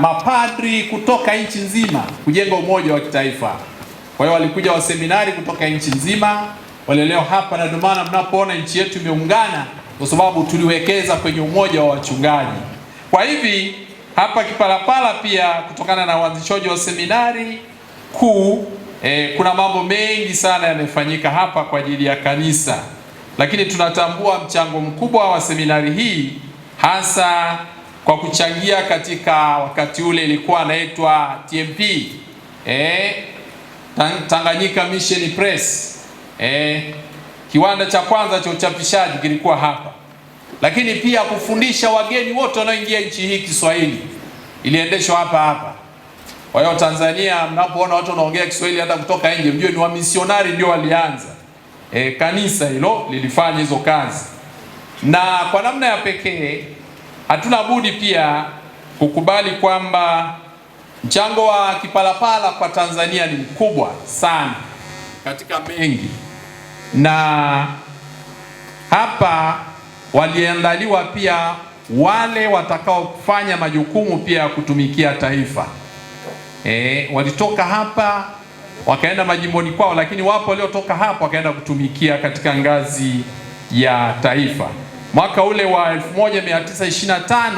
mapadri kutoka nchi nzima kujenga umoja wa kitaifa. Kwa hiyo walikuja waseminari kutoka nchi nzima, walileo hapa, na ndio maana mnapoona nchi yetu imeungana, kwa sababu tuliwekeza kwenye umoja wa wachungaji. Kwa hivi hapa Kipalapala pia kutokana na uanzishaji wa seminari kuu eh, kuna mambo mengi sana yamefanyika hapa kwa ajili ya kanisa, lakini tunatambua mchango mkubwa wa seminari hii hasa kwa kuchangia katika wakati ule ilikuwa anaitwa TMP eh, Tanganyika Mission Press eh, kiwanda cha kwanza cha uchapishaji kilikuwa hapa, lakini pia kufundisha wageni wote wanaoingia nchi hii Kiswahili iliendeshwa hapa hapa. Kwa hiyo Tanzania, mnapoona watu wanaongea Kiswahili hata kutoka nje, mjue ni wamisionari ndio walianza. E, kanisa hilo lilifanya hizo kazi na kwa namna ya pekee hatuna budi pia kukubali kwamba mchango wa Kipalapala kwa Tanzania ni mkubwa sana katika mengi, na hapa waliandaliwa pia wale watakaofanya majukumu pia ya kutumikia taifa. E, walitoka hapa wakaenda majimboni kwao, lakini wapo waliotoka hapa wakaenda kutumikia katika ngazi ya taifa mwaka ule wa 1925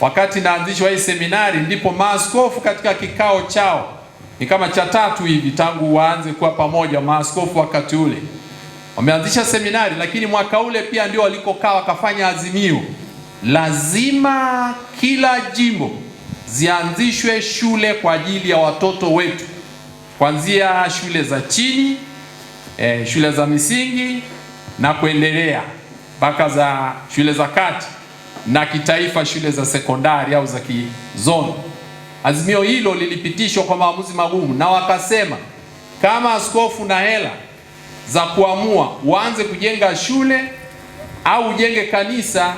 wakati naanzishwa hii seminari, ndipo maaskofu katika kikao chao ni kama cha tatu hivi tangu waanze kuwa pamoja, maaskofu wakati ule wameanzisha seminari, lakini mwaka ule pia ndio walikokaa wakafanya azimio, lazima kila jimbo zianzishwe shule kwa ajili ya watoto wetu, kuanzia shule za chini eh, shule za misingi na kuendelea mpaka za shule za kati na kitaifa, shule za sekondari au za kizoni. Azimio hilo lilipitishwa kwa maamuzi magumu, na wakasema kama askofu na hela za kuamua uanze kujenga shule au ujenge kanisa,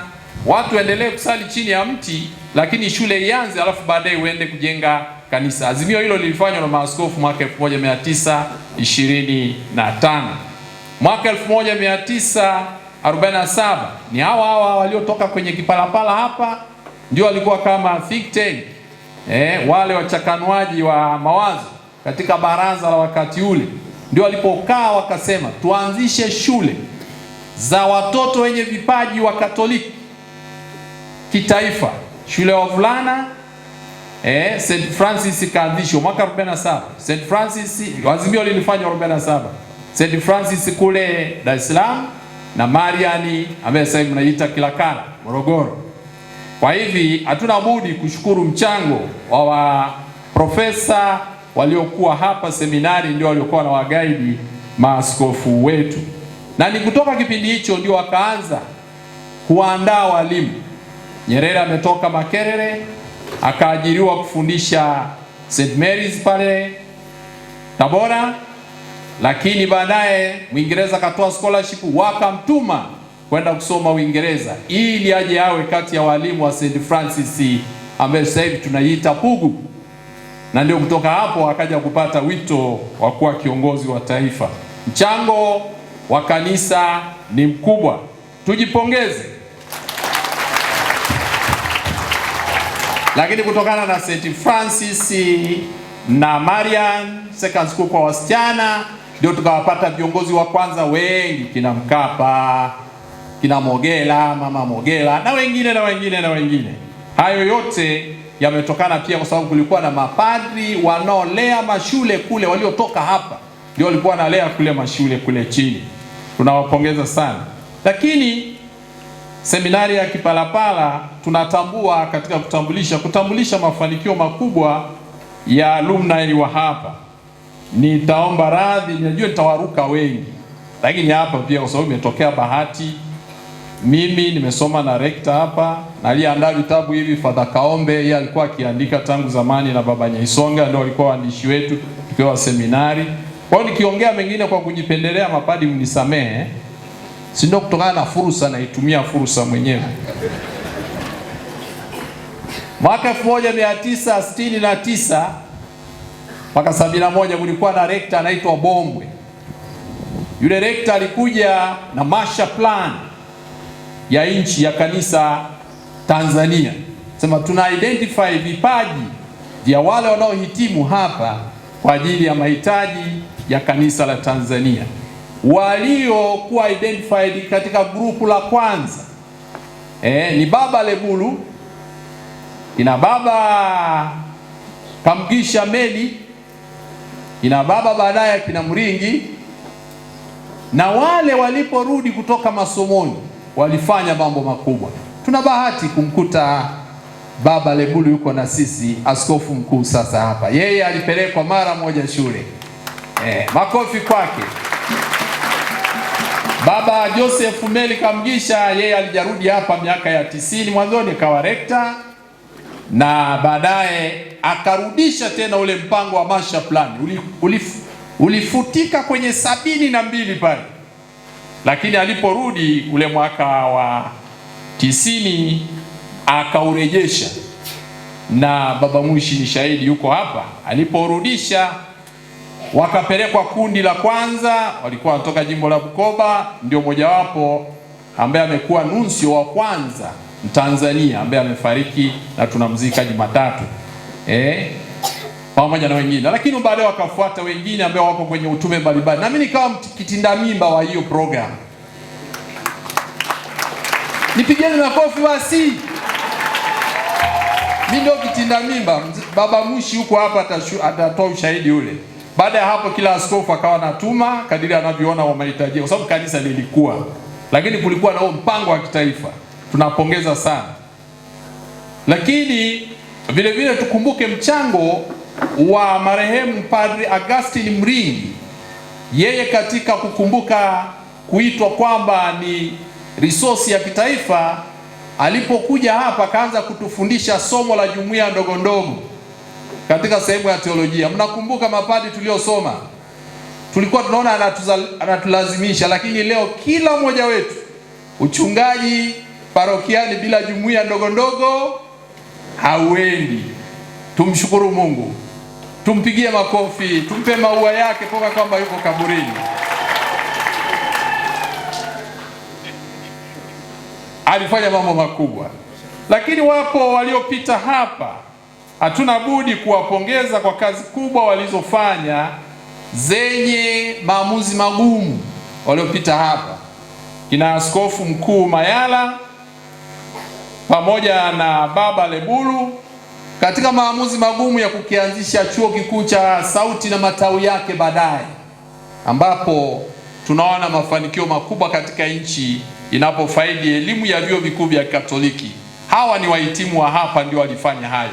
watu waendelee kusali chini ya mti, lakini shule ianze, alafu baadaye uende kujenga kanisa. Azimio hilo lilifanywa na maaskofu mwaka 1925. Mwaka 19 47 ni hawa hawa waliotoka kwenye kipalapala hapa, ndio walikuwa kama think tank eh, wale wachakanuaji wa mawazo katika baraza la wakati ule, ndio walipokaa wakasema tuanzishe shule za watoto wenye vipaji wa Katoliki kitaifa, shule ya wavulana eh, St Francis ikaanzishwa mwaka 47. St Francis, azimio lilifanywa 47, St Francis kule Dar es Salaam na Mariani ambaye sasa hivi mnaita Kilakala Morogoro. Kwa hivi hatuna budi kushukuru mchango wa waprofesa waliokuwa hapa seminari, ndio waliokuwa na wagaidi maaskofu wetu, na ni kutoka kipindi hicho ndio wakaanza kuandaa walimu. Nyerere ametoka Makerere akaajiriwa kufundisha St Mary's pale Tabora lakini baadaye Mwingereza akatoa scholarship wakamtuma kwenda kusoma Uingereza ili aje awe kati ya walimu wa St Francis ambaye sasa hivi tunaiita Pugu, na ndio kutoka hapo akaja kupata wito wa kuwa kiongozi wa taifa. Mchango wa kanisa ni mkubwa, tujipongeze. Lakini kutokana na St Francis na Marian Second School kwa wasichana ndio tukawapata viongozi wa kwanza wengi, kina Mkapa, kina Mogela, mama Mogela na wengine na wengine na wengine. Hayo yote yametokana pia kwa sababu kulikuwa na mapadri wanaolea mashule kule waliotoka hapa, ndio walikuwa wanalea kule mashule kule chini. Tunawapongeza sana. Lakini seminari ya Kipalapala tunatambua katika kutambulisha kutambulisha mafanikio makubwa ya alumni wa hapa nitaomba radhi, ninajua nitawaruka wengi, lakini hapa pia kwa sababu imetokea bahati, mimi nimesoma na rekta hapa na aliandaa vitabu hivi Fadha Kaombe, yeye alikuwa akiandika tangu zamani na Baba Nyaisonga, ndio walikuwa waandishi wetu tukiwa seminari. Kwa hiyo nikiongea mengine kwa kujipendelea, mapadi mnisamehe, si ndio? Kutokana na fursa, naitumia fursa mwenyewe mwaka 1969 mpaka sabini na moja kulikuwa na rekta anaitwa Bombwe. Yule rekta alikuja na masha plan ya nchi ya kanisa Tanzania, sema tuna identify vipaji vya wale wanaohitimu hapa kwa ajili ya mahitaji ya kanisa la Tanzania. Waliokuwa identified katika grupu la kwanza e, ni baba Lebulu, ina baba Kamgisha Meli kina baba baadaye akina Mringi na wale waliporudi kutoka masomoni walifanya mambo makubwa. Tuna bahati kumkuta baba Lebulu yuko na sisi, askofu mkuu sasa hapa. Yeye alipelekwa mara moja shule eh, makofi kwake. Baba Joseph Meli Kamgisha yeye alijarudi hapa miaka ya tisini mwanzoni, kawa rekta na baadaye akarudisha tena ule mpango wa masha Plan ulif, ulifutika kwenye sabini na mbili pale, lakini aliporudi ule mwaka wa tisini akaurejesha, na baba Mwishi ni shahidi, yuko hapa. Aliporudisha wakapelekwa kundi la kwanza, walikuwa wanatoka jimbo la Bukoba, ndio mojawapo ambaye amekuwa nunsio wa kwanza Mtanzania ambaye amefariki na tunamzika Jumatatu eh, pamoja na wengine, lakini baadaye wakafuata wengine ambao wako kwenye utume mbalimbali, nami nikawa kitinda mimba wa hiyo program. Nipigeni makofi basi. Mimi ndio kitinda mimba. Baba Mushi huko hapa atatoa ushahidi ule. Baada ya hapo, kila askofu akawa anatuma kadiri anavyoona wa mahitaji, kwa sababu kanisa lilikuwa, lakini kulikuwa na mpango wa kitaifa tunapongeza sana, lakini vile vile tukumbuke mchango wa marehemu Padri Augustine Mringi, yeye katika kukumbuka kuitwa kwamba ni resource ya kitaifa, alipokuja hapa akaanza kutufundisha somo la jumuiya ndogo ndogo katika sehemu ya teolojia. Mnakumbuka mapadi tuliosoma, tulikuwa tunaona anatulazimisha, lakini leo kila mmoja wetu uchungaji parokiani bila jumuiya ndogo ndogo hauendi. Tumshukuru Mungu, tumpigie makofi, tumpe maua yake poka kwamba yuko kaburini. Alifanya mambo makubwa, lakini wapo waliopita hapa, hatuna budi kuwapongeza kwa kazi kubwa walizofanya zenye maamuzi magumu, waliopita hapa kina askofu mkuu Mayala pamoja na Baba Lebulu katika maamuzi magumu ya kukianzisha chuo kikuu cha Sauti na matawi yake baadaye, ambapo tunaona mafanikio makubwa katika nchi inapofaidi elimu ya vyuo vikuu vya katoliki Hawa ni wahitimu wa hapa ndio walifanya hayo.